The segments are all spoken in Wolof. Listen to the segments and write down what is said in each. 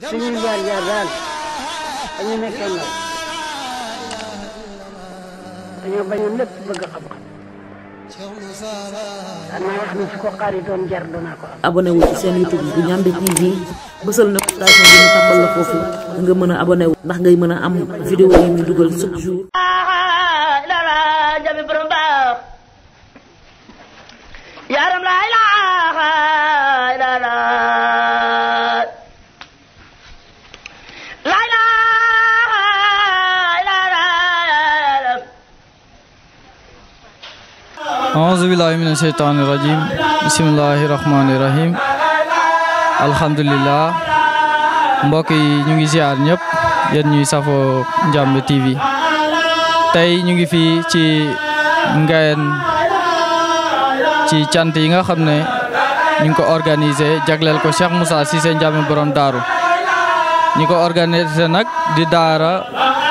suñuy jaar jaar daal dañu nekkoon ndaw dañoo bañoon lépp bëgg xam-xam. xanaa wax na su ko xaaritoon jar danaa ko am. abonné wu seen YouTube bu Ndiamé TV bësal na station bi ñu tàmbal la foofu nga mën a abonné wu. ndax ngay mën a am vidéo yi ñu dugal chaque jour. Auzubillahiminasyaitonirrajim Bismillahirrahmanirrahim Alhamdulillah mbok yi ñu ngi ziar ñep yeen ñuy safo Ndiamé TV tay ñu ngi fi ci Ngayen ci tiant yi nga xamne ñu ko organiser jaglel ko Cheikh Moussa Cissé Ndiamé borom daru ñu ko organiser nak di daara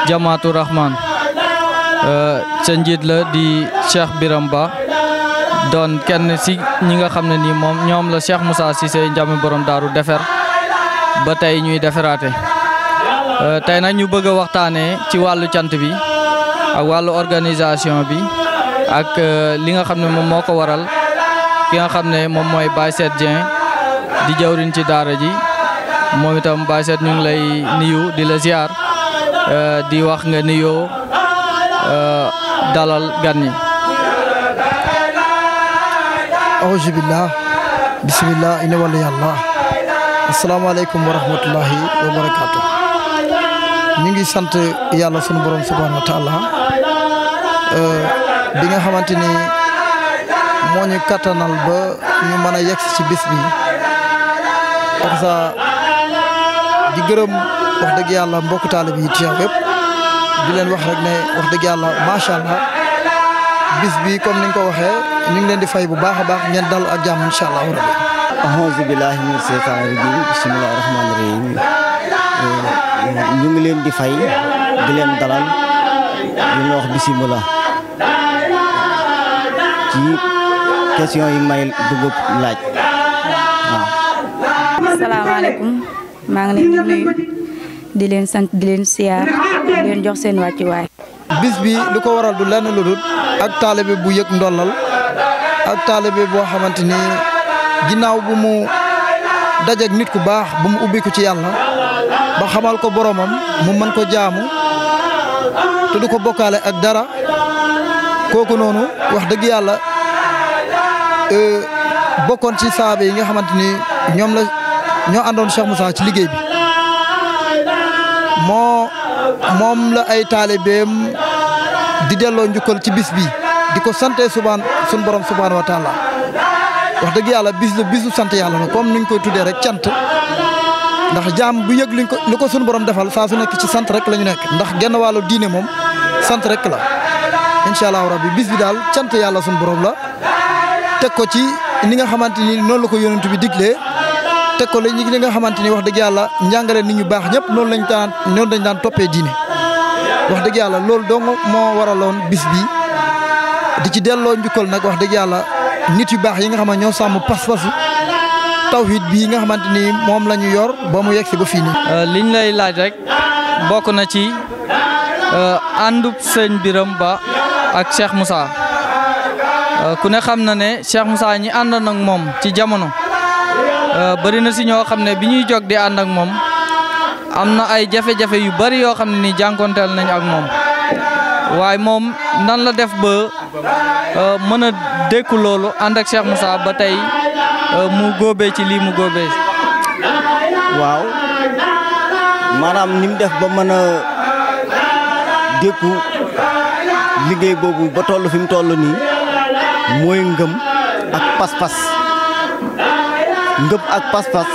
Jamaatu Rahman euh, seen njiit la di Cheikh biramba doon kenn si ñi nga xam ne nii moom ñoom la Cheikh Moussa Cissé Ndiamé borom daaru defer ba tey ñuy deferaate euh, tey nag ñu bëgg a waxtaanee ci wàllu cant bi ak wàllu organisation bi ak euh, li nga xam ne moom moo ko waral ki nga xam ne moom mooy Baye Seet Dieng di jawriñ ci daara ji moom itam Baye Seet ñu ngi lay nuyu di la ziar euh, di wax nga nuyoo dalal gan ñi. auzu billah bismillah ina walla yàlla asalaamaaleykum wa rahmatullahi wa barakaatu ñu ngi sant yàlla sun borom subhanahu wa taala euh, bi nga xamante ni moo ñu kattanal ba ñu mën a yegg ci bis bi parce di gërëm wax dëgg yàlla mbokk taalibe yi teew yëpp di leen wax rek ne wax dëgg yàlla macha allah bis bi comme ni ko waxee. ñu ngi leen di fay bu baaxa baax ñen dal ak jamm inshallah rabbi rabi billahi min seytaan rajim bismillahir rahmanir rahim eh, ñu ngi leen di fay di leen dalal ñu wax bismillah ci question yi may dugg laaj assalamu alaykum ma ngi di nuyu di leen sant di leen siyaar di leen jox seen way bis bi lu ko waral du lenn lu ak talibé bu yek ndolal ak taalibe boo xamante ni ginnaaw bu mu dajeek nit ku baax bu mu ubbi ci yàlla ba xamal ko boromam mu mën ko jaamu te du ko bokkaale ak dara kooku noonu wax dëgg yàlla e, bokkoon ci saabe yi nga xamante ni ñoom la ñoo àndoon Cheikh Moussa ci liggéey bi moo moom la ay taalibeem di delloo njukkal ci bis bi diko sante subhan sun borom subhanahu wa taala wax deug yalla bisu bisu sante yalla no comme nuñ koy tuddé rek tiant ndax jam bu yegg luñ ko liko sun borom defal sa su nek ci sante rek lañu nek ndax genn walu diiné mom sante rek la inshallah rabbi bisu bi dal tiant yalla sun borom la tek ko ci ni nga xamanteni non la ko yonentou bi diglé tek ko li nga xamanteni wax deug yalla njangalé nit ñu bax ñep non lañ tan non dañ dan topé diiné wax deug yalla lool do mo waralon bisbi. di ci delloo njukkal nag wax dëgg yàlla nit yu baax yi nga xam ne ñoo sàmm pas-pasu tawhid bii nga xamante ni moom la ñu yor ba mu yegg si ba fii nii. Euh, liñ lay laaj rek bokk na ci euh, àndub sëñ Biram Ba ak Cheikh musa euh, ku ne xam na ne Cheikh musa ñi àndoon ak moom ci jamono bëri na si ñoo xam ne bi ñuy jog di ànd ak moom am na ay jafe-jafe yu bari yoo xam ne ni jànkonteel nañ ak moom waaye moom nan la def ba. Euh, mën a dékku loolu ànd ak Cheikh Moussa ba tey euh, mu góobee ci lii mu góobee. waaw maanaam ni mu def ba mën a dékku liggéey boobu ba toll fi mu toll nii mooy ngëm ak pas-pas ngëm ak pas-pas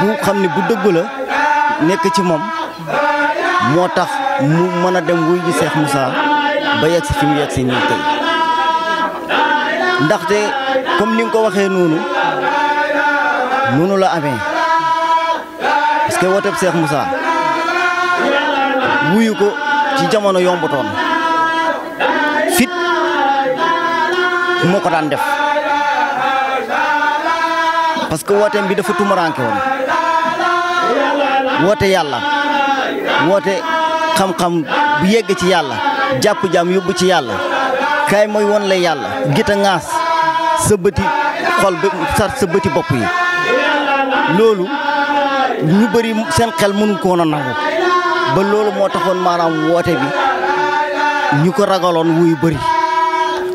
bu xam ne bu dëggu la nekk ci moom moo tax mu mën a dem wuy ji Cheikh Moussa. ba yegg si fi mu yegg si nii tey ndaxte comme ni nga ko waxee noonu noonu la amee parce que wooteb Cheikh Moussa wuyu ko ci jamono yombatoon fit moo ko daan def parce que wooteem bi dafa tumuraanke woon woote yàlla woote xam-xam bu yegg ci yàlla jàpp jaam yóbbu ci yàlla kay mooy won lay yàlla gita ŋaas sa xol ba sar sa bëti bopp yi loolu ñu bëri seen xel mënu koon a nangu ba loolu moo taxoon maanaam woote bi ñu ko ragaloon wuyu bëri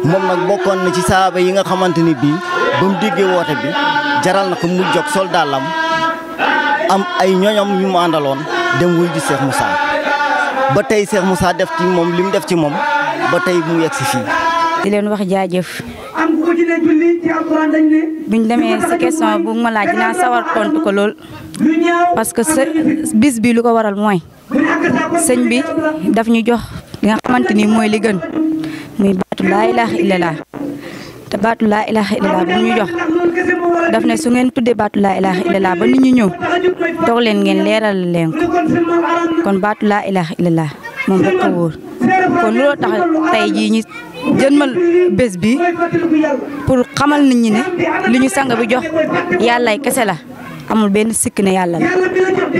moom nag bokkoon na ci saaba yi nga xamante ni bii ba mu déggee woote bi jaral na ko mu jot sol dàllam am ay ñoñom ñu mu àndaloon dem wuy ji Seex ba tey Cheikh Moussa def ci moom li mu def ci moom ba tey mu yegg si fii. di leen wax jaajëf. buñ demee si question bu ma laaj dinaa sawar tontu ko lool parce que bis bi lu ko waral mooy sëñ bi daf ñu jox li nga xamante ni mooy li muy baatu laa ilaaha illallaah te batu la ilaha illallah bu ñu jox daf ne su ngeen tuddé batu la ilaha illallah ba nit ñu ñëw toog leen ngeen leeral leen kon batu la ilaha illallah moom rek ko wor kon Lu tax tay ji ñi jeunmal bes bi pour xamal nit ñi ne li ñu sang bi jox ay kessé la amul ben sik ne yalla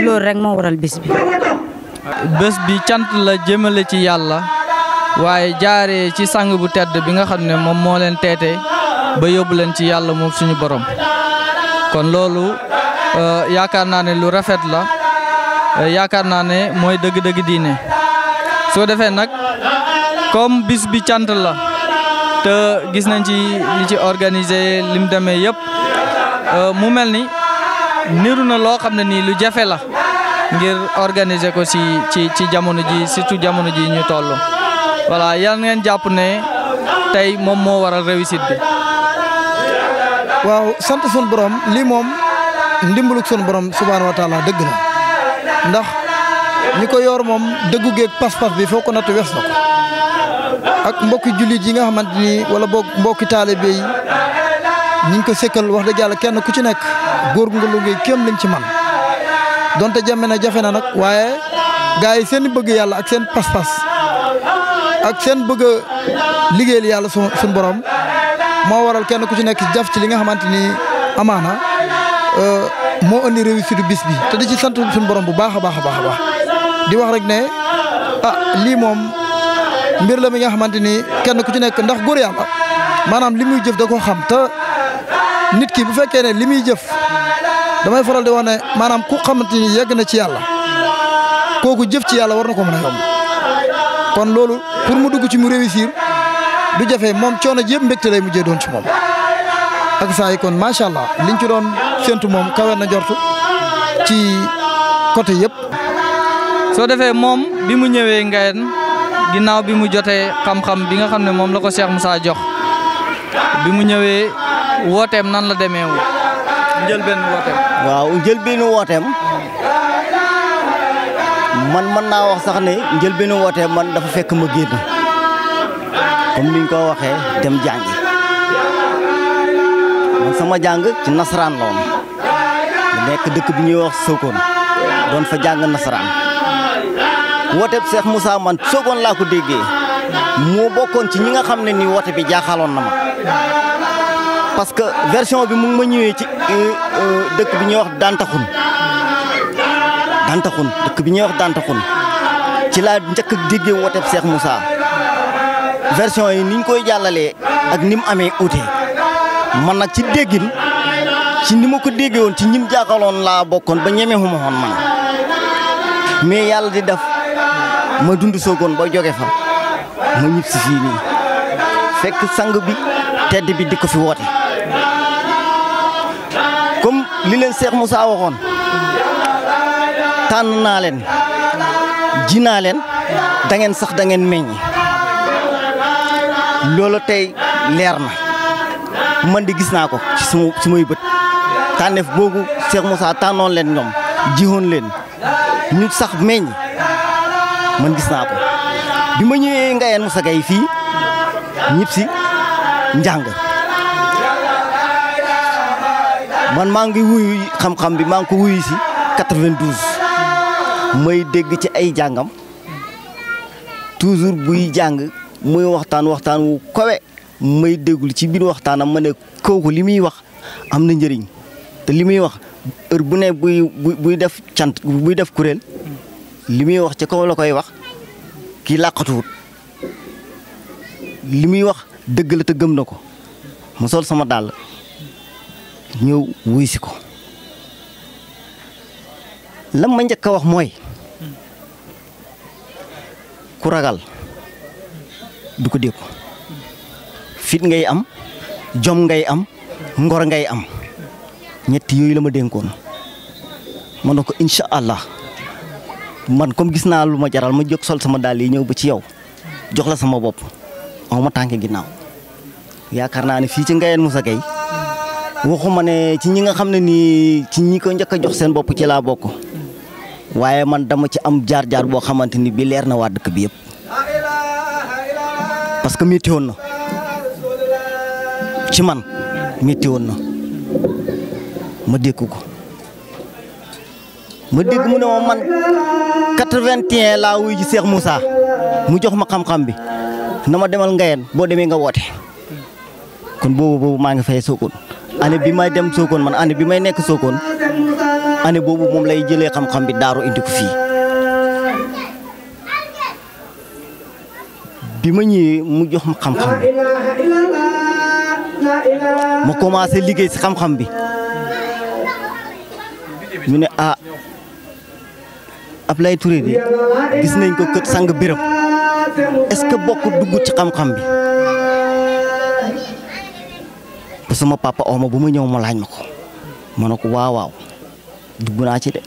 la rek mo waral bes bi. bes bi cant la jëmele ci yalla waaye jaare ci sang bu tedd bi nga xam ne moom moo leen teete ba yóbbu leen ci yàlla moom suñu borom kon loolu euh, yaakaar naa ne lu rafet la euh, yaakaar naa ne mooy dëgg-dëgg diine soo defee nag comme bis bi cant la te gis nañ ci li ci organisé lim demee yëpp euh, mu mel ni niru na loo xam ne nii lu jafe la ngir organiser ko ci ci ci jamono ji surtout jamono ji ñu tollu voilà yal ngeen jàpp ne tey moom moo waral réussite bi. waaw sant sun borom li moom ndimbalug sunu borom subhaanahu wa taala dëgg la ndax ñi ko yor moom dëggu geeg pas-pas bi foo ko natt wees na ko ak mbokki jullit yi nga xamante ni wala boog mbokki taalibe yi ñi ngi ko sekkal wax dëgg yàlla kenn ku ci nekk góor nga lu ngay kéem liñ ci man donte jafe na jafe na nag waaye gaa seen bëgg yàlla ak seen pas-pas ak seen bëgg a yàlla su suñu borom moo waral kenn ku ci nekk jaf ci li nga xamante ni amaana euh, moo indi réussite bis bi te di ci sant suñu borom bu baax a baax a baax di wax rek ne ah lii moom mbir la mi nga xamante ni kenn ku ci nekk ndax góor yàlla maanaam li muy jëf da ko xam te nit ki bu fekkee ne li muy jëf damay faral di wax ne maanaam ku xamante ni yegg na ci yàlla kooku jëf ci yàlla war na ko mën a yomb kon loolu pour mu dugg ci mu réussir du jafe moom coono ji yëpp mbégte lay jee doon ci moom. ak saa yi kon macha allah liñ ci doon séntu moom kawe na jortu ci côté yépp soo defee moom bi mu ñëwee Ngayen ginnaaw bi mu jotee xam-xam bi nga xam ne moom la ko Cheikh saa jox bi mu ñëwee wooteem nan la demee wu njëlbeen wooteem. waaw njëlbeenu wooteem man man na wax sax ne ngeel bi nu wootee man dafa fekk ma génn comme niñ ko waxe dem jàngi man sama jang ci nasran la nek dekk bi ñuy wax sokon doon fa jang nasran wote Cheikh Moussa man sokon la ko déggee mo bokkoon ci ñi nga xamne ni wote bi jaxalon na ma parce que version bi mu ngi ma ñëwee ci euh, euh, dekk bi ñuy wax Dantaxun Dantaxun dëkk bi ñuy wax Dantaxun ci laa njëkk a déggee wooteb Cheikh Moussa version yi niñ koy jàllalee ak ni mu amee uute man nag ci déggin ci ni ma ko déggee woon ci ñim jàkkaloon laa bokkoon ba ñeme xuma xoon man mais yàlla di def ma dund soogoon ba joge fa ma ñib si fii fekk sang bi tedd bi di ko fi woote comme li leen Cheikh Moussa tan na len jina len da ngeen sax da ngeen meñ lolo tay leer na man di gis naa ko ci sumay beut tanef bogo Cheikh Moussa non len ñom jihon len ñu sax meñ man gis naa ko bi ma Moussa gay fi si njàng man wuyu xam-xam bi ko wuyu ci 92 may dégg ci ay jàngam toujours buy jàng muy waxtaan waxtaan wu kowe may déggul ci biir waxtaan am ma ne kooku li muy wax am na njëriñ te li muy wax heure bu ne buy buy def cant buy def kuréel li muy wax ci kaw la koy wax kii làqatuwut li muy wax dëgg la te gëm na ko mu sol sama dàll ñëw wuy si ko lam ma ñëk wax moy ku ragal du ko dékku fit ngay am jom ngay am ngor ngay am ñet yoy la ma ko allah man comme gis na lu ma jaral ma jox sol sama dalinya yi ñew ba ci yow jox la sama bop aw ma tànk ginnaaw yaakaar ni fi ci ngayen musa gay waxuma ne ci ñi nga xamne ni ci ñi ko ñëk jox seen bop ci la bokku waaye man dama ci am jaar-jaar boo xamante ni bii leer na waa dëkk bi yëpp parce que métti woon na ci man métti woon na ma dégg ko ma dégg mu ne ma man 81 laa wuy ji seex Moussa mu jox ma xam-xam bi na ma demal Ngayeen boo demee nga woote kon boobu boobu maa ngi fay Sokone année bi may dem Sokone man année bi may nekk Sokone Ane bobu mom lay jele xam-xam bi daru indi ko fi bima ñi mu jox ma xam-xam commencé liggey si xam-xam bi ñu ne a ah, ablay Touré di? gis nañ ko keut sang biram est-ce que dugg ci xam-xam bi sama papa oma bu ma ñëw ma laaj mako manako waaw duguna ci de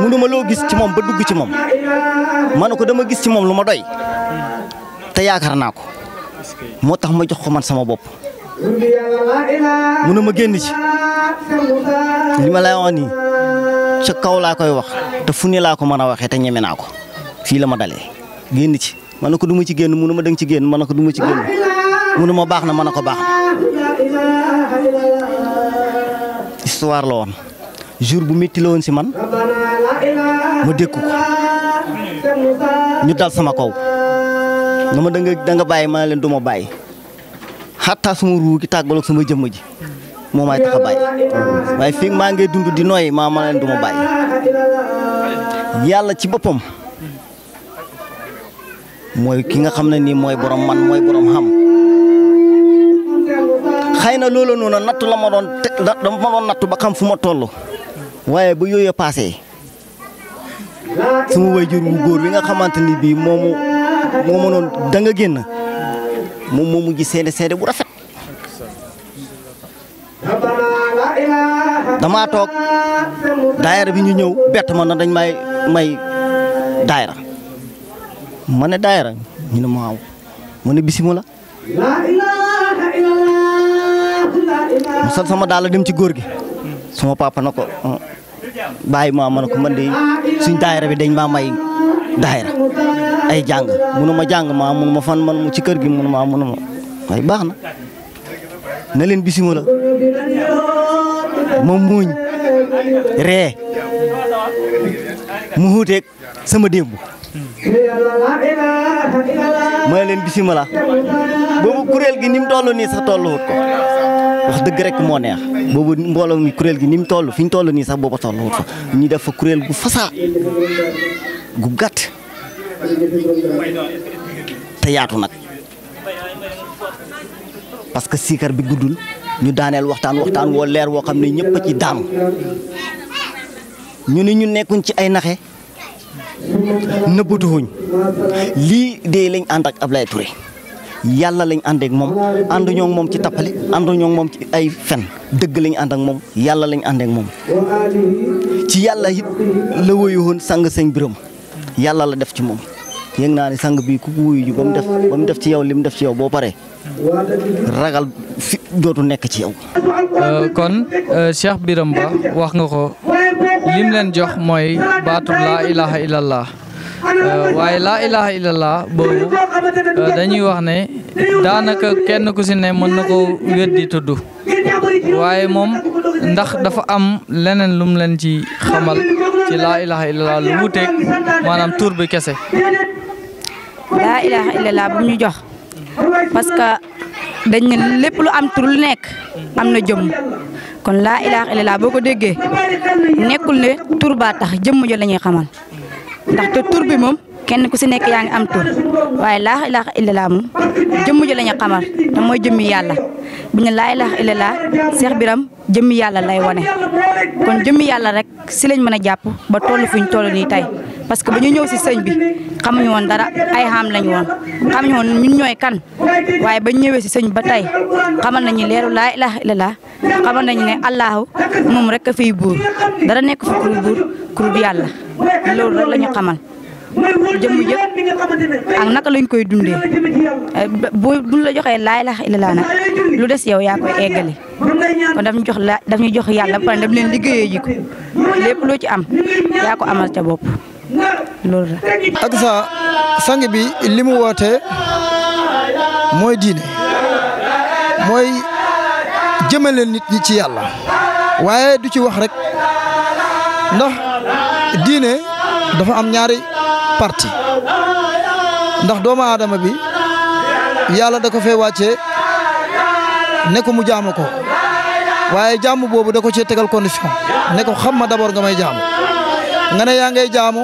munuma lo gis ci mom ba dug ci mom manako dama gis ci mom luma doy te yaakar nako motax ma jox ko man sama bop mu ne ma génn ci lima lay wax nii ca kaw la koy wax te funi la ko mën waxe te ñemina ko fi lama dalé genn ci manako duma ci genn mu ma ci genn manako duma ci genn mu ma baax na histoire la jour bu metti lawon ci man mu dékku ko ñu dal sama kaw Nama da nga da nga baye ma leen duma baye hatta xataa ru ruu gi tàggaloog sama jëmm ji moo may tax a fi ma ngay dund di noy ma ma leen duma baye yalla ci bopam moy ki nga xamne ni moy borom man moy borom xam xayna lolo la ma don ba xam fuma tollu waye bu yoyé passé eh? sama wayjur bu goor bi nga xamanteni bi momu momu non da nga genn mom momu gi sédé sédé bu rafet dama tok daayira bi ñu ñew bett man dañ may may daayira mané daayira ñu ne maaw ma la bisimila mu sol sama daal dem ci goor gi suma papa na ko oh, ma ma ne man de suñ daayira bi dañ maa may daayira ay jàng munu ma jàng ma munu ma fan man mu ci kër gi munu ma munu ma waaye baax na na leen bisimilah ma muuñ ree mu xuuteeg sama démb ma leen bisimilah boobu kuréel gi ni mu toll nii sax tolluwut ko wax dëgg rekk moo neex boobu mbooloo mi kuréel gi ni mu toll fi ñu toll nii sax booba toll wut fa ñu def fa kuréel gu fasaa gu gàtt te yaatu nag parce que siikar bi guddul ñu daaneel waxtaan waxtaan woo leer woo xam ne ñëpp a ci daanu ñu ni ñu nekkuñ ci ay naxe nëbbatuwuñ lii dee lañ ànd ak Ablaye Touré yàlla lañ àndeek moom ànduñoo moom ci tappale ànduñoo moom ci ay fen dëgg lañ ànd ak moom yàlla lañ àndeek moom ci yàlla it la woyu woon sang sëñ biram yàlla la def ci moom yëg naa ne sang bii ku ko wuyu ji ba mu def ci yow li mu def ci yow boo paree ragal fi dootu nekk ci yow. Euh, kon euh, Cheikh Biram Ba wax nga ko lim leen jox mooy baatu laa ilaha illallah. Uh, waaye laa ilaha illallah boobu uh, dañuy wax ne daanaka kenn ku si mën na ko weddi tudd waaye moom ndax dafa am leneen lum leen ci xamal ci laa ilaha illallah lu wuteeg maanaam tur bi kese. laa ilaha illallah bu ñu jox parce que dañ lépp lu am tur lu nekk am na jëmm kon laa ilaha illallah boo ko déggee nekkul ne tur baa tax jëmm jo lañuy ñuy xamal. ndaxte tur bi moom kenn ku si nekk yaa ngi am tur waaye laa ilaaha illallah moom jëmm ji la ñu xamal te mooy jëmmi yàlla bu ñu laa ilaaha illallah Cheikh Biram jëmm yàlla lay wane. kon jëmm yàlla rek si lañ mën a jàpp ba toll fu ñu toll nii tey parce que ba ñu ñëw si sëñ bi xamuñu woon dara ay lañu lañ xam xamuñu woon ñun ñooy kan waaye ba ñëwee si sëñ ba tey xamal nañu leeru laa ilaaha illallah xamal nañu ne allahu moom rek a fiy buur dara nekk fi ku yàlla. loolu rek la ñu xamal jëmm jëpp ak naka lañ koy dundee eh, bu duñ la joxee laa ilaaha illallaah nag lu des yow yaa koy eggale kon daf ñu jox la daf jox yàlla ba pare daf leen liggéeyee ji ko lépp loo ci am yaa ko amal ca bopp loolu la. ak sa bi limu woote mooy diine mooy jëmale nit ñi ci yàlla waaye du ci wax rek ndax. diine dafa am ñaari parti ndax doomu aadama bi yàlla da ko fee wàcce ne ko mu jaamu ko waaye jaamu boobu da ko cee tegal condition ne ko xam ma d'abord nga may jaamu nga yaa ngay jaamu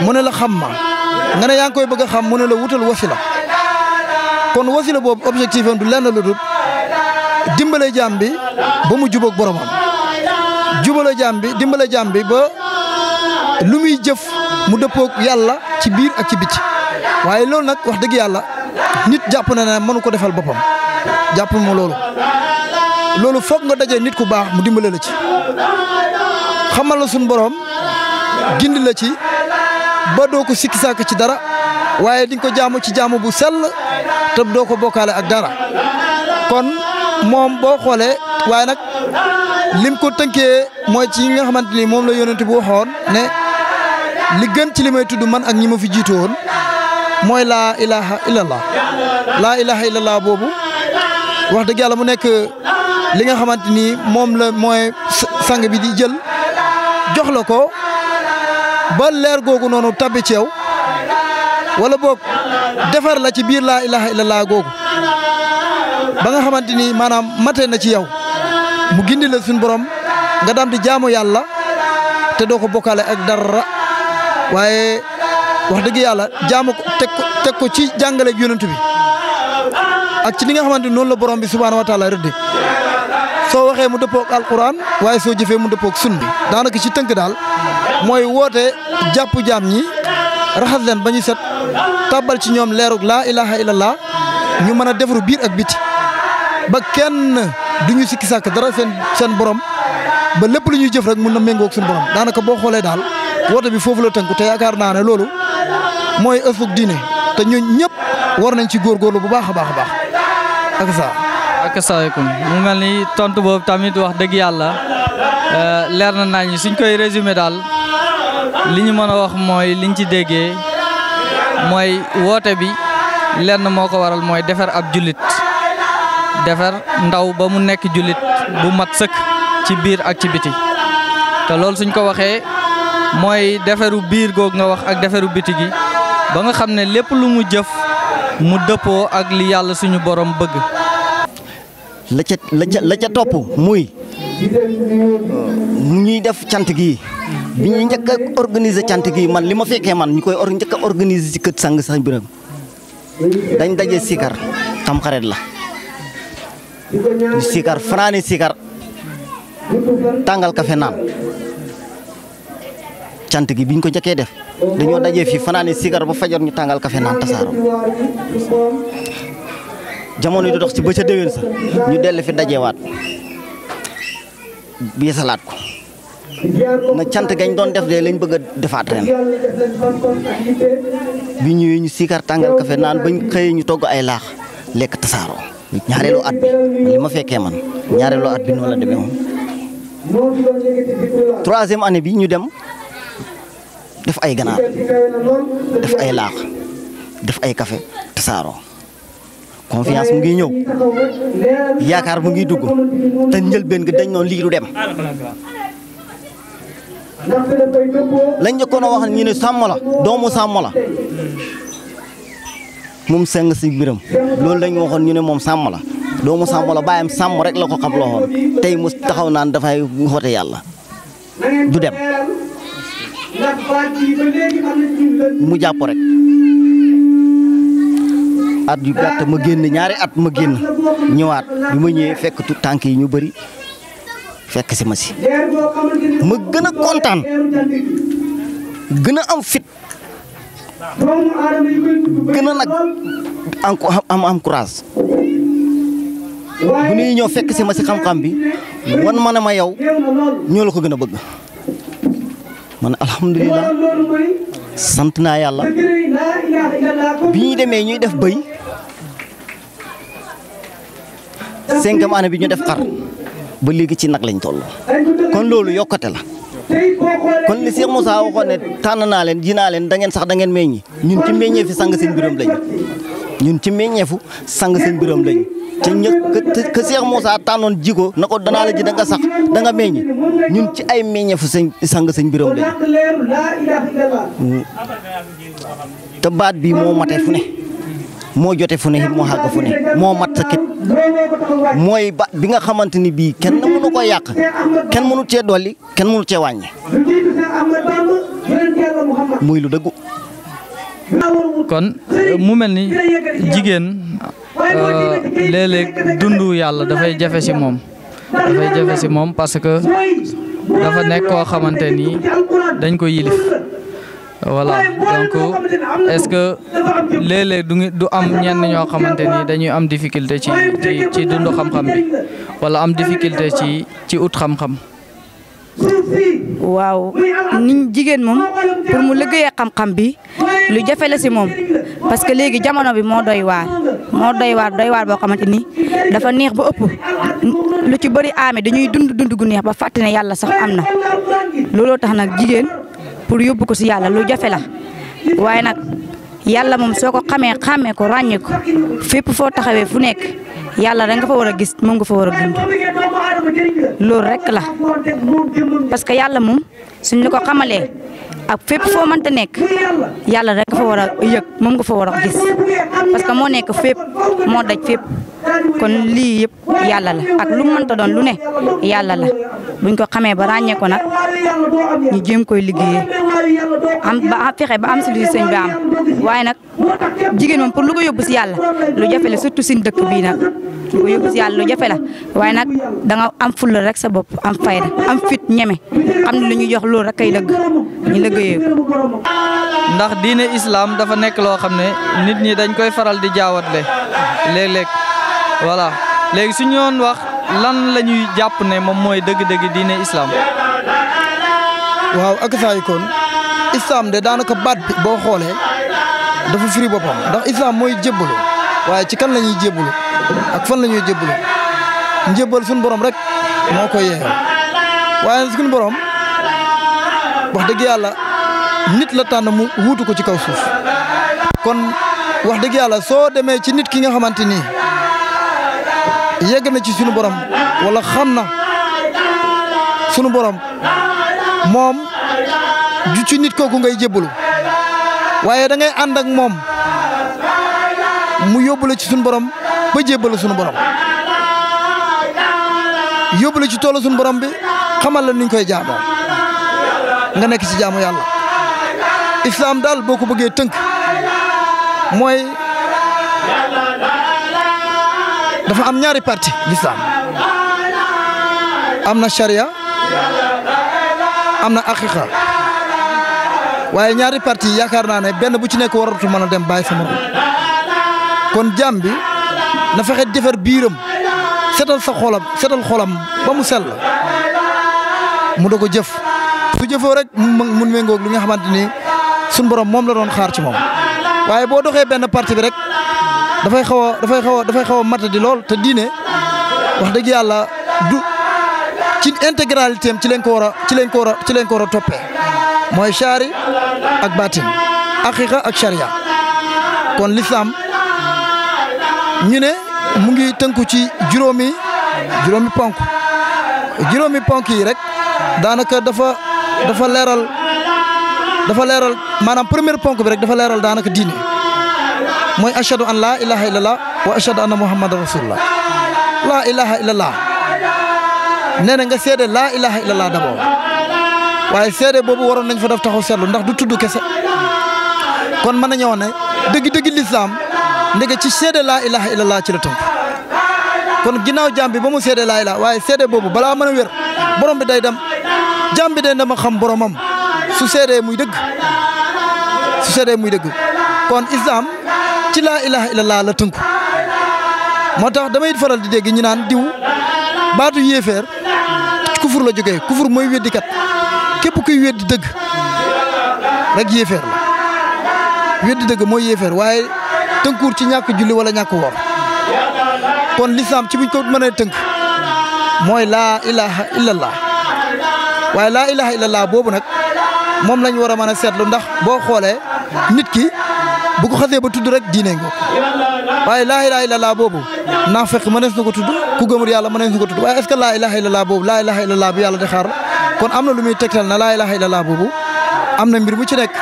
mu ne la xam ma nga yaa ngi koy bëgg a xam mu ne la wutal wasila kon wasila boobu objectif am du lenn lu dul dimbale jaam bi ba mu jubóog boromam jubala jaam bi dimbala jaam bi ba lu muy jëf mu dëppook yàlla ci biir ak ci biti waaye loolu nag wax dëgg yàlla nit jàpp na na mënu ko defal boppam jàpp ma loolu loolu foog nga daje nit ku baax mu dimbale la ci xamal la suñ borom gindi la ci ba doo ko sikki sàkk ci dara waaye di ko jaamu ci jaamu bu sell te doo ko bokkaale ak dara moom boo xoolee waaye nag lim ko tënkee mooy ci yi nga xamante ni moom la yonent bu waxoon ne li gën ci li may tudd man ak ñi ma fi jiitu woon mooy laa ilaha illallah laa ilaha illallah boobu wax dëgg yàlla mu nekk li nga xamante ni moom la mooy sang bi di jël jox la ko ba leer googu noonu tabbi ci yow wala boog defar la ci biir la ilaha illallah googu ba nga xamante ni maanaam mate na ci yow mu gindi la suñu borom nga daan di jaamu yàlla te doo ko bokkale ak dara waaye wax dëgg yàlla jaamu ko teg ko ci jàngale yonent bi ak ci li nga xamante ni noonu la borom bi subhaanahu wa taala rëdd soo waxee mu dëppook alquran waaye soo jëfee mu dëppook sunna daanaka ci tënk daal mooy woote jàpp jaam ñi raxas leen ba ñu set tàbbal ci ñoom leerug laa ilaha illallah ñu mën a defaru biir ak biti ba kenn du ñu sikki sàkk dara seen seen borom ba lépp lu ñuy jëf rek mun na méngoog suñu borom daanaka boo xoolee daal woote bi foofu la tënk te yaakaar naa ne loolu mooy ësug diine te ñun ñëpp war nañ ci góor góorgóorlu bu baax a baax a baax ak saa. ak asalaamaaleykum mu mel ni tontu boobu tamit wax dëgg yàlla euh, leer na naa ñu suñ koy résumé daal li ñu mën a wax mooy liñ ci déggee mooy woote bi na moo ko waral mooy defar ab jullit. defar ndaw ba mu nekk jullit bu mat sëkk ci biir ak ci biti te loolu suñ ko waxee mooy defaru biir googu nga wax ak defaru biti gi ba nga xam ne lépp lu mu jëf mu dëppoo ak li yàlla suñu borom bëgg la ca la ca la ca topp muy ñuy def cant gi bi ñuy njëkk a cant gi man li ma fekkee man ñu koy njëkk organiser ci kër sang sax biram dañ daje sikar tam la sikar fanani sikar tanggal kafe nan cant gi biñ ko njëkkee def dañoo dajee fii fanaani sikar ba fajoon ñu tàngal kafe nan tasaro jamono yi di dox ci ba ca déwén sa ñu dell fi dajewaat yeesalaat ko na cant gañ doon def de lañ bëgg defaat ren bi ñu sikar kafe nan bañ xëyee ñu togg ay laax ñaareelu at bi li ma fekkee man ñaareelu at bi noonu la année bi ñu dem def ay ganaar def ay laax def ay kafe tasaaroo confiance mu ngi ñëw yaakaar mu ngi dugg te njëlbeen gi dañ noonu lii du dem lañ njëkkoon a wax ñu ne sàmm doomu sàmm la mum seng ci biram lolou lañ waxon ñu ne mom sam la doomu sam la bayam sam rek la ko xam xon tay mu taxaw naan fay xote yalla du dem mu japp rek at yu gatt ma genn ñaari at ma genn ñewat bi ma fekk tu tank yi ñu bari fekk ci ma ci ma gëna contane gëna am fit gën a nag am am bu ñuy ñëw fekk si ma si xam-xam bi wan ma ne ma yow ñoo la ko gën a bëgg man alhamdulilah sant naa yàlla bi ñuy demee ñuy def bëy cinquième année bi ñu def xar ba léegi ci nag lañ toll kon loolu yokkate la kon li Cheikh Moussa waxoon ne tànn naa leen ji naa leen da ngeen sax da ngeen meññi ñun ci meññeefi sang sëñ biram lañ ñun ci meññeefu sang señ biram lañ te ñëkk que Cheikh Moussa tànnoon ji ji danga sax danga nga meññi ñun ci ay meññeefu sëñ sang sëñ biram lañ te baat bi moo mate fu ne moo jote fu ne moo xàgg fu ne moo mat sa mooy ba bi nga xamante ni bii kenn mënu ko yàq kenn mënu cee dolli kenn mënu cee wàññi muy lu dëggu kon mu mel ni jigéen euh, léeg-léeg dundu yàlla dafay jafe ci moom dafay jafe ci moom parce que dafa nekk koo xamante ni dañ ko yilif voilà donc ah, est-ce que léeg du du am ah, ñenn ñoo xamante ni dañuy am difficulté ci ci ci dund xam-xam bi wala am ah, difficulté ci ci ut xam-xam. waaw niñ jigéen moom pour mu liggéeyee xam-xam bi lu jafe si moom parce que léegi jamono bi moo doy waar moo doy waar doy boo xamante ni dafa neex ba ëpp lu ci bëri aame dañuy dund dund gu neex ba fàtte yàlla sax am na looloo tax nag jigéen. pour yóbbu ko si yàlla lu jafe la waaye nag yàlla moom soo ko xamee xàmmee ko ràññee ko fépp foo taxawee fu nekk yàlla da nga fa war a gis moom nga fa war a dund rek la parce que yàlla moom suñ la ko xamalee ak fépp foo mënta nekk yàlla rek nga fa war a yëg moom nga fa war gis parce que moo nekk fépp moo daj fépp. kon lii yëpp yàlla la ak lu mënta doon lu ne yàlla la buñ ko xamee ba ràññee nag ñu jéem koy liggéeyee am ba fexe ba am si lu sëñ bi am waaye nag jigéen moom pour lu ko yóbbu si yàlla lu jafe la surtout dëkk bii nag lu ko yóbbu si yàlla lu jafe la waaye nag danga am fulla rek sa bopp am fayda am fit ñeme xam ne lu ñu jox loolu rek kay dëgg ñu liggéeyee ndax diine islam dafa nekk loo xam ne nit ñi dañ koy faral di jaawatle léeg-léeg voilà léegi su ñu doon wax lan lañuy ñuy jàpp ne moom mooy dëgg-dëgg diine islam. waaw ak kon islam de daanaka baat boo xoolee dafa firi boppam ndax islam mooy jébbalu waaye ci kan la ñuy jébbalu ak fan lañuy ñuy jébbalu njébbal suñu borom rek moo ko yeewal waaye suñu borom wax dëgg yàlla nit la tànn mu wuutu ko ci kaw suuf kon wax dëgg yàlla soo demee ci nit ki nga xamante ni. yegg na ci sunu borom wala na sunu borom moom ju ci nit kooku ngay jébbalu waaye da ngay ànd moom mu yóbbu ci sunu borom ba jébbalu sunu borom yóbbu ci toolu sunu borom bi xamal la nuñ koy jaamoo nga nekk ci jaamu yàlla islam daal boo ko bëggee tënk mooy. dafa am ñaari parti l'islam Amna sharia amna am waye ñaari parti yakarna ne ben bu ci nek waratu mën a dem baye sama kon jambi na fexé défer biram sétal sa xolam sétal xolam ba mu sel mu doog jëf su jëfo rek mun méngoog li nga xamanteni sun borom mom la doon xaar ci mom waye bo doxé ben parti bi rek dafay xaw a dafay xaw dafay xaw a matadi lool te diine wax dëgg yàlla du ci intégralité am ci lañ ko war a ci lañ ko war a ci lañ war a toppee mooy chari ak baatin aqiqa ak charia kon lislaam ñu ne mu ngi tënku ci juróomi juróomi ponk juróomi ponk yi rek daanaka dafa dafa leeral dafa leeral maanaam premier ponk bi rek dafa leeral daanaka diine mooy ashadu an laa ilaha illallah wa ashadu anna muhammadan rasulullah laa ilaha illallah nee na nga seede laa ilaha illallah d'abord waaye seede boobu waroon nañ fa def taxaw seetlu ndax du tudd kese kon mën nañoo ne dëgg-dëgg lislaam ndege ci seede laa ilaha illallah ci la kon ginnaaw jaam bi ba mu seede laa ilaha waaye seede boobu bala mën a wér borom bi day dem jaam bi day dem a xam boromam su seedee muy dëgg su seedee muy dëgg ci laa ilaha illallah la tënku moo tax dama damay faral di dégg ñu naan diw baatu yéeféer kufur la jógee kufur mooy weddikat képp kuy weddi dëgg rek yéeféer la dëgg mooy yéeféer waaye tënkuur ci ñàkk julli wala ñàkk woor kon lislaam ci buñ ko mënee tënk mooy laa ilaha illallah waaye boobu nag moom lañ war a mën a seetlu ndax boo xoolee nit ki bu ko xasee ba tudd rek diine nga waaye laa ilaha illallah boobu naa fekk mënees na ko tudd ku gëmul yàlla mënees na ko tudd waaye est ce que laa ilaha illallah boobu laa ilaha illallah kon am na lu muy tegtal na laa ilaha illallah boobu am na mbir mu ci nekk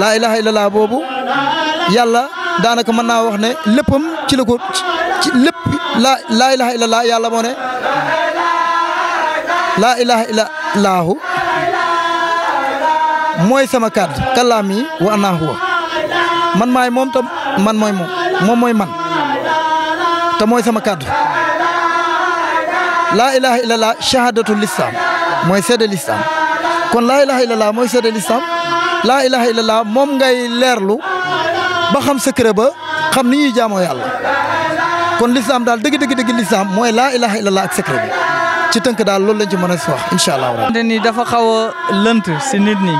laa ilaha illallah boobu yàlla daanaka mën naa wax ne léppam ci la ko ci lépp laa laa ilaha illallah yàlla moo ne laa ilaha mooy sama kàddu kàllaam yi wa anaa huwa man maay moom te man mooy moom moom mooy man te mooy sama kàddu laa ilaha illallah shahadatu lislaam mooy seede lislaam kon laa ilaha illallah mooy seede lislaam moom ngay leerlu ba xam secret ba xam ni ñuy jaamoo yàlla kon lislaam daal dëgg dëgg dëgg lislaam mooy laa ilaha illallah ak secret bi ci tënk daal loolu lañ ci mën a wax incha allah. dafa xaw a lënt si nit ñi.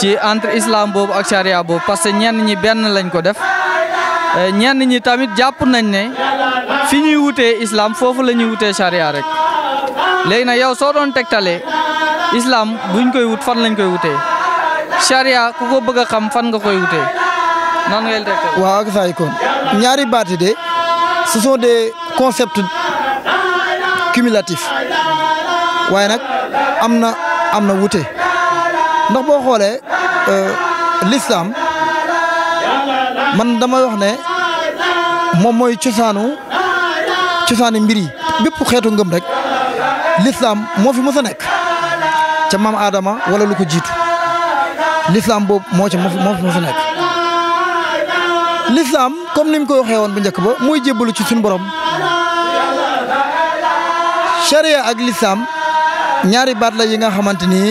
ci entre islam boobu ak charia boobu parce que ñenn ñi benn lañu ko def eh, ñenn ñi tamit jàpp nañ ne fi ñuy wutee islam foofu la ñuy wutee charia rek léegi nag yow soo doon tegtalee islaam guñ koy wut fan lañ koy wutee charia ku ko bëgg a xam fan nga koy wutee nan ngay tegtalee. waaw ak saay kon ñaari baati de ce sont des concepts cumulatifs waaye nag am na am na wute ndax boo xoolee Euh, lislaam man dama wax ne moom mooy cosaanu cosaani mbir bépp xeetu ngëm rek lislaam moo fi mës nekk ca maam Adama wala lu ko jiitu lislaam boobu moo ca moo fi mës nekk lislaam comme ni mu ko waxee woon bu njëkk ba mooy jébbalu ci suñu borom charia ak lislaam ñaari baat la yi nga xamante ni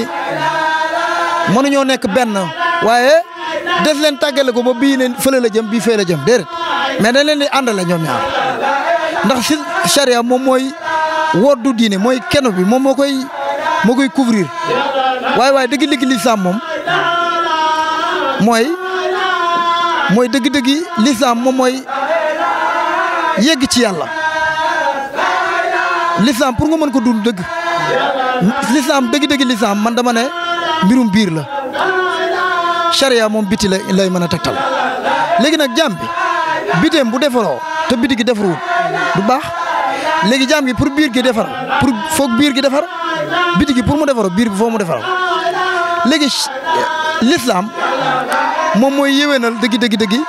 mënuñoo nekk benn waaye des leen tàggale ko ba bii ne fële la jëm bii fële la jëm déedéet mais dañ leen di àndale ñoom ñaar ndax si moom mooy du diine mooy keno bi moom moo koy moo koy couvrir waaye waaye dëgg-dëgg lislaam moom mooy mooy dëgg-dëgg lislaam moom mooy yegg ci yàlla lislaam pour nga mën ko dund dëgg lislaam dëgg-dëgg lislaam man dama ne mbirum biir la charia moom biti lay mën a tegtal léegi nag jaam bi biteem bu defaroo te biti gi defaruwut du baax léegi jaam gi pour biir gi defar pour foog biir gi defar biti gi pour mu defaroo biir bi foo mu defaroo léegi lislaam moom mooy yéwénal dëggi dëggi dëggi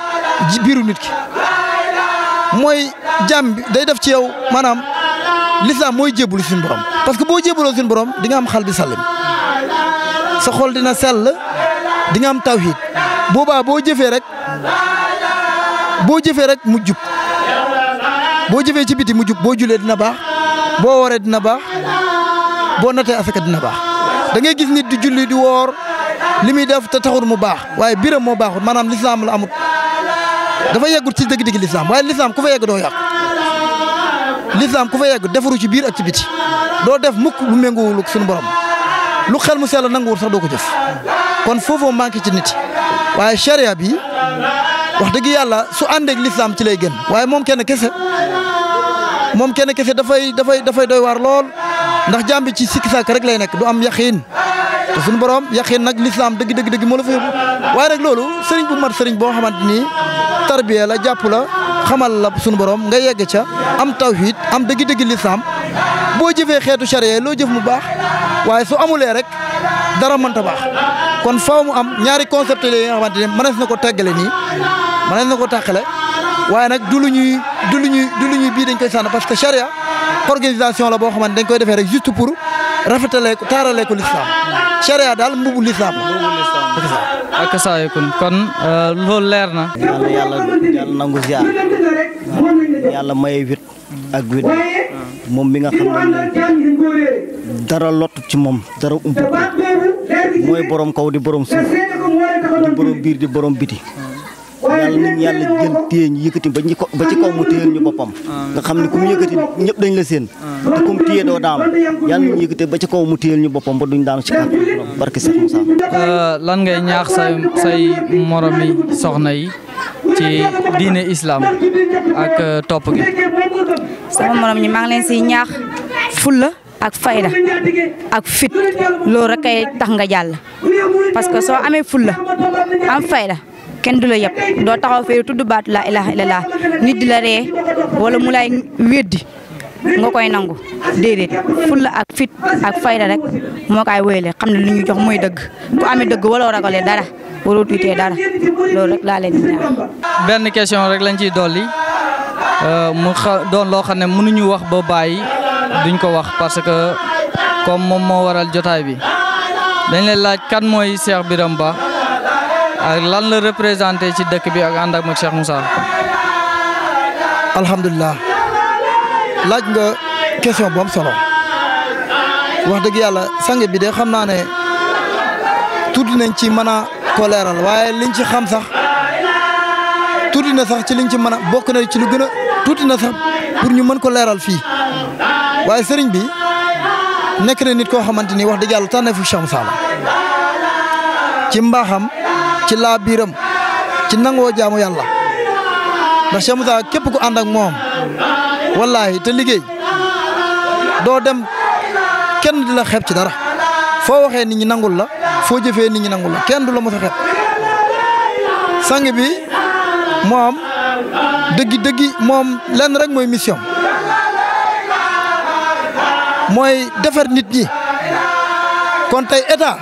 biiru nit ki mooy jaam bi day def ci yow maanaam lislaam mooy jébbalu suñu borom parce que boo jébbaloo suñu borom di am xal bi sàllim sa xol dina sel di nga am tawhid boobaa boo jëfee rek boo jëfee rek mu jub boo jëfee ci biti mu jub boo julee dina baax boo waree dina baax boo natee asaka dina baax da ngay gis nit di julli di woor li muy def te taxul mu baax waaye biram moo baaxul maanaam lislaam la amut dafa yeggut ci dëgg-dëgg lislaam waaye lislaam ku fa yegg doo yàqu lislaam ku fa yegg defaru ci biir ak ci biti doo def mukk bu méngoowul ak sunu borom lu xel mu sell nanguwul sax doo ko jëf kon foofoo manqué ci nit waaye charia bi wax dëgg yàlla su àndeek lislaam ci lay gën waaye moom kenn kese moom kenn kese dafay dafay dafay doy waar lool ndax jàmm ci sikki sàkk rek lay nekk du am yaqiin te suñu borom yaqiin nag lislaam dëgg dëgg dëgg moo la fa yóbbu waaye nag loolu sëriñ bu mat sëriñ boo xamante ni tarbiya la jàpp la xamal la suñu borom nga yegg ca am tawhid am dëgg dëgg lislaam boo jëfee xeetu charia yi loo jëf mu baax waaye su amulee rek dara mënta baax kon soo mu am ñaari concept la yi nga xamante ne mënees na ko tàggale nii mënees na ko tàqale waaye nag du lu ñuy du ñuy du lu bii dañ koy sànn parce que charia organisation la boo xamante dañ koy defee rek juste pour rafetalee ko taaralee ko lislaam charia daal mbubu lislaam la ak saayikun kon euh, loolu leer na yàlla yàlla nangu ziar yàlla maye wit ak wit moom mi nga xam ne dara lottu ci moom dara umpu mooy borom kaw di borom suuf di borom biir di borom biti. yàlla nañ yàlla jël téye ñu yëkkati ba ci kaw mu téye ñu boppam nga xam ne ku yëkkati ñëpp dañ la seen te ku mu téye doo daam yàlla yëkkati ba ci kaw mu téye ñu boppam ba duñ daanu ci kàddu barke Seex Musaa euh, lan ngay ñaax say moromi soxna yi ci diine islam ak euh, topp gi. sama morom ñi maa ngi leen siy ñaax fulla ak fayda ak fit loolu rek tax nga jàll parce que soo amee fulla am fayda kenn du la doo taxaw fee tudd baatu laa ilaaha illallah nit ree wala mu lay nga koy nangu déedéet fulla ak fit ak fayda rek moo koy wéyale xam ne lu ñu jox mooy dëgg ku amee dëgg waloo ragalee dara waloo tuutee dara loolu rek laa leen di ñaan benn question rek lañ ciy dolli euh, mu doon loo xam ne mënuñu wax ba bàyyi duñ ko wax parce que comme moom moo waral jotaay bi dañ leen laaj kan mooy Cheikh Birame Ba ak lan la représenté ci dëkk bi ak ànd ak mag mu Moussa alhamdulilah laaj nga question boom solo wax dëgg yàlla sang bi de xam naa ne tuuti nañ ci mën a ko leeral waaye liñ ci xam sax tuuti na sax ci liñ ci mën a bokk na ci lu gën tuuti na sax pour ñu mën ko leeral fii waaye sëriñ bi nekk na nit koo xamante ni wax dëgg yàlla tànneefu Cheikh Moussa la ci mbaaxam ci laa biiram ci nangoo jaamu yàlla ndax Cheikh Moussa képp ku ànd ak moom wallaahi te liggéey doo dem kenn di la xeeb ci dara foo waxee nit ñi nangul la foo jëfee ni ñi nangul la kenn du la mos a xeeb sang bi moom dëggi dëggi moom len rek mooy mission mooy defar nit ñi kon tey état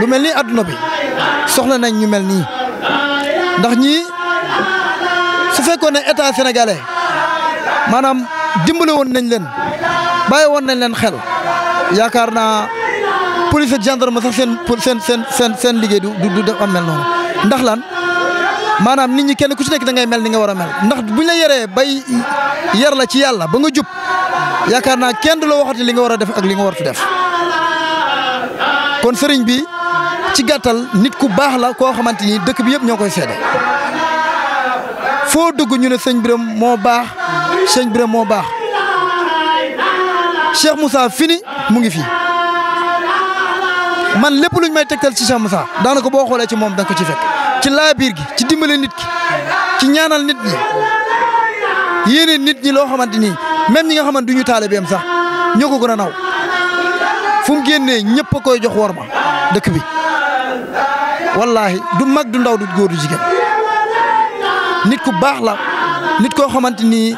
lu mel ni adduna bi soxla nañ ñu mel nii ndax ñii su fekkoon ne état sénégalais. manam dimbali won nañ len baye won nañ len xel yakarna police ak gendarme sax sen sen sen sen sen liggéey du du am mel non ndax lan manam nit ñi kenn ku ci nek da ngay mel ni nga wara mel ndax buñ la yéré bay yar la ci yalla ba nga jup yakarna kenn lo waxati li nga wara def ak li nga wartu def kon serigne bi ci gatal nit ku bax la ko xamanteni dekk bi yeb ñokoy sédé fo dugg ñu ne serigne Birame mo bax sëñ Birame moo baax Cheikh Moussa fini mu ngi fi man lépp luñ may tegtal ci Cheikh Moussa daanaka boo xoolee ci moom da nga ko ci fekk ci laabiir gi ci dimbale nit ki ci ñaanal nit ñi yéene nit ñi loo xamante ni même ñi nga xamante du ñu taalibeem sax ñoo ko gën a naw fu génnee ñëpp a koy jox wor ma dëkk bi wallaahi du mag du ndaw du góor du jigéen nit ku baax la nit koo xamante ni.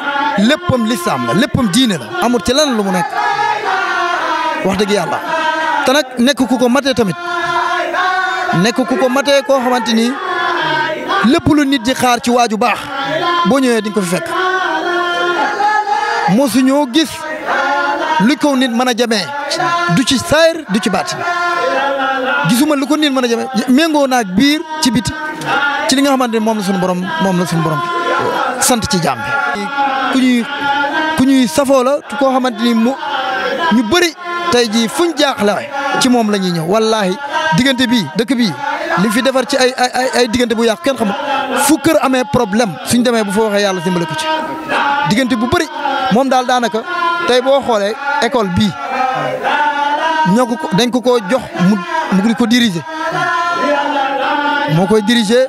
léppam lislaam la léppam diine la amul ci lan lu mu nekk wax dëgg yàlla te nag nekk ku ko matee tamit nekk ku ko matee koo xamante ni lépp lu nit di xaar ci waaju baax boo ñëwee di nga ko fi fekk mosu ñoo gis lu nit mën a jamee du ci saayir du ci baat gisuma lu ko nit mën a jamee méngoo naa biir ci biti ci li nga xamante ni moom la suñu borom moom la suñu borom. sant ci jàmm bi. ku ñuy ku safoo la koo xamante ni mu ñu bëri tey jii fuñ jaaxle ci moom la ñuy ñëw wallaahi diggante bi dëkk bi li fi defar ci ay ay diggante bu yàqu kenn xamul fu kër amee problème suñ demee bu fa waxee yàlla dimbale ko ci. diggante bu bëri moom daal daanaka tey boo xoolee école bi ñoo ko dañ ko jox mu mu ko diriger moo koy diriger.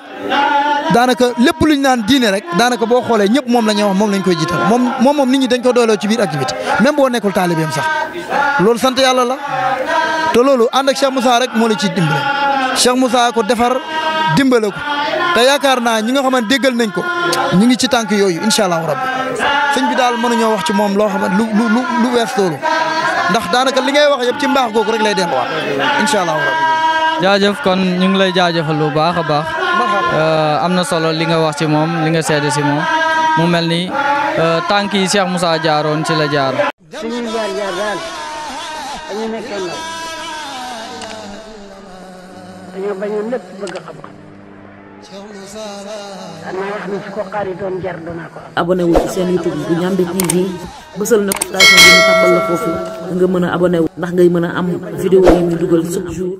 daanaka lépp lu naan diine rek daanaka boo xoolee ñëpp moom la ñuy wax moom la ñu koy jiital moom moom moom nit ñi dañ ko dooloo ci biir activité même boo nekkul taalibeem sax loolu sant yàlla la te loolu ànd ak Cheikh Moussa rek moo la ciy dimbale Cheikh Moussa ko defar dimbale ko te yaakaar naa ñi nga xamante déggal nañ ko ñu ngi ci tànk yooyu incha allah rabbi sëñ bi daal mënuñoo wax ci moom loo xamante lu lu lu wees loolu ndax daanaka li ngay wax yëpp ci mbaax googu rek lay delluwaat incha allahu rabbi jaajëf kon ñu ngi lay jaajëfal baax a baax Eh, amna solo li nga wax ci mom, li nga sédé ci mom mu melni ni eh, Cheikh Moussa jaaroon ci la jaar jaar jaar bëgg xam abonné wu ci youtube bu tv bësal na station bi ñu tàmbal la foofu nga abonné ndax ngay am vidéo yi ñu dugal chaque jour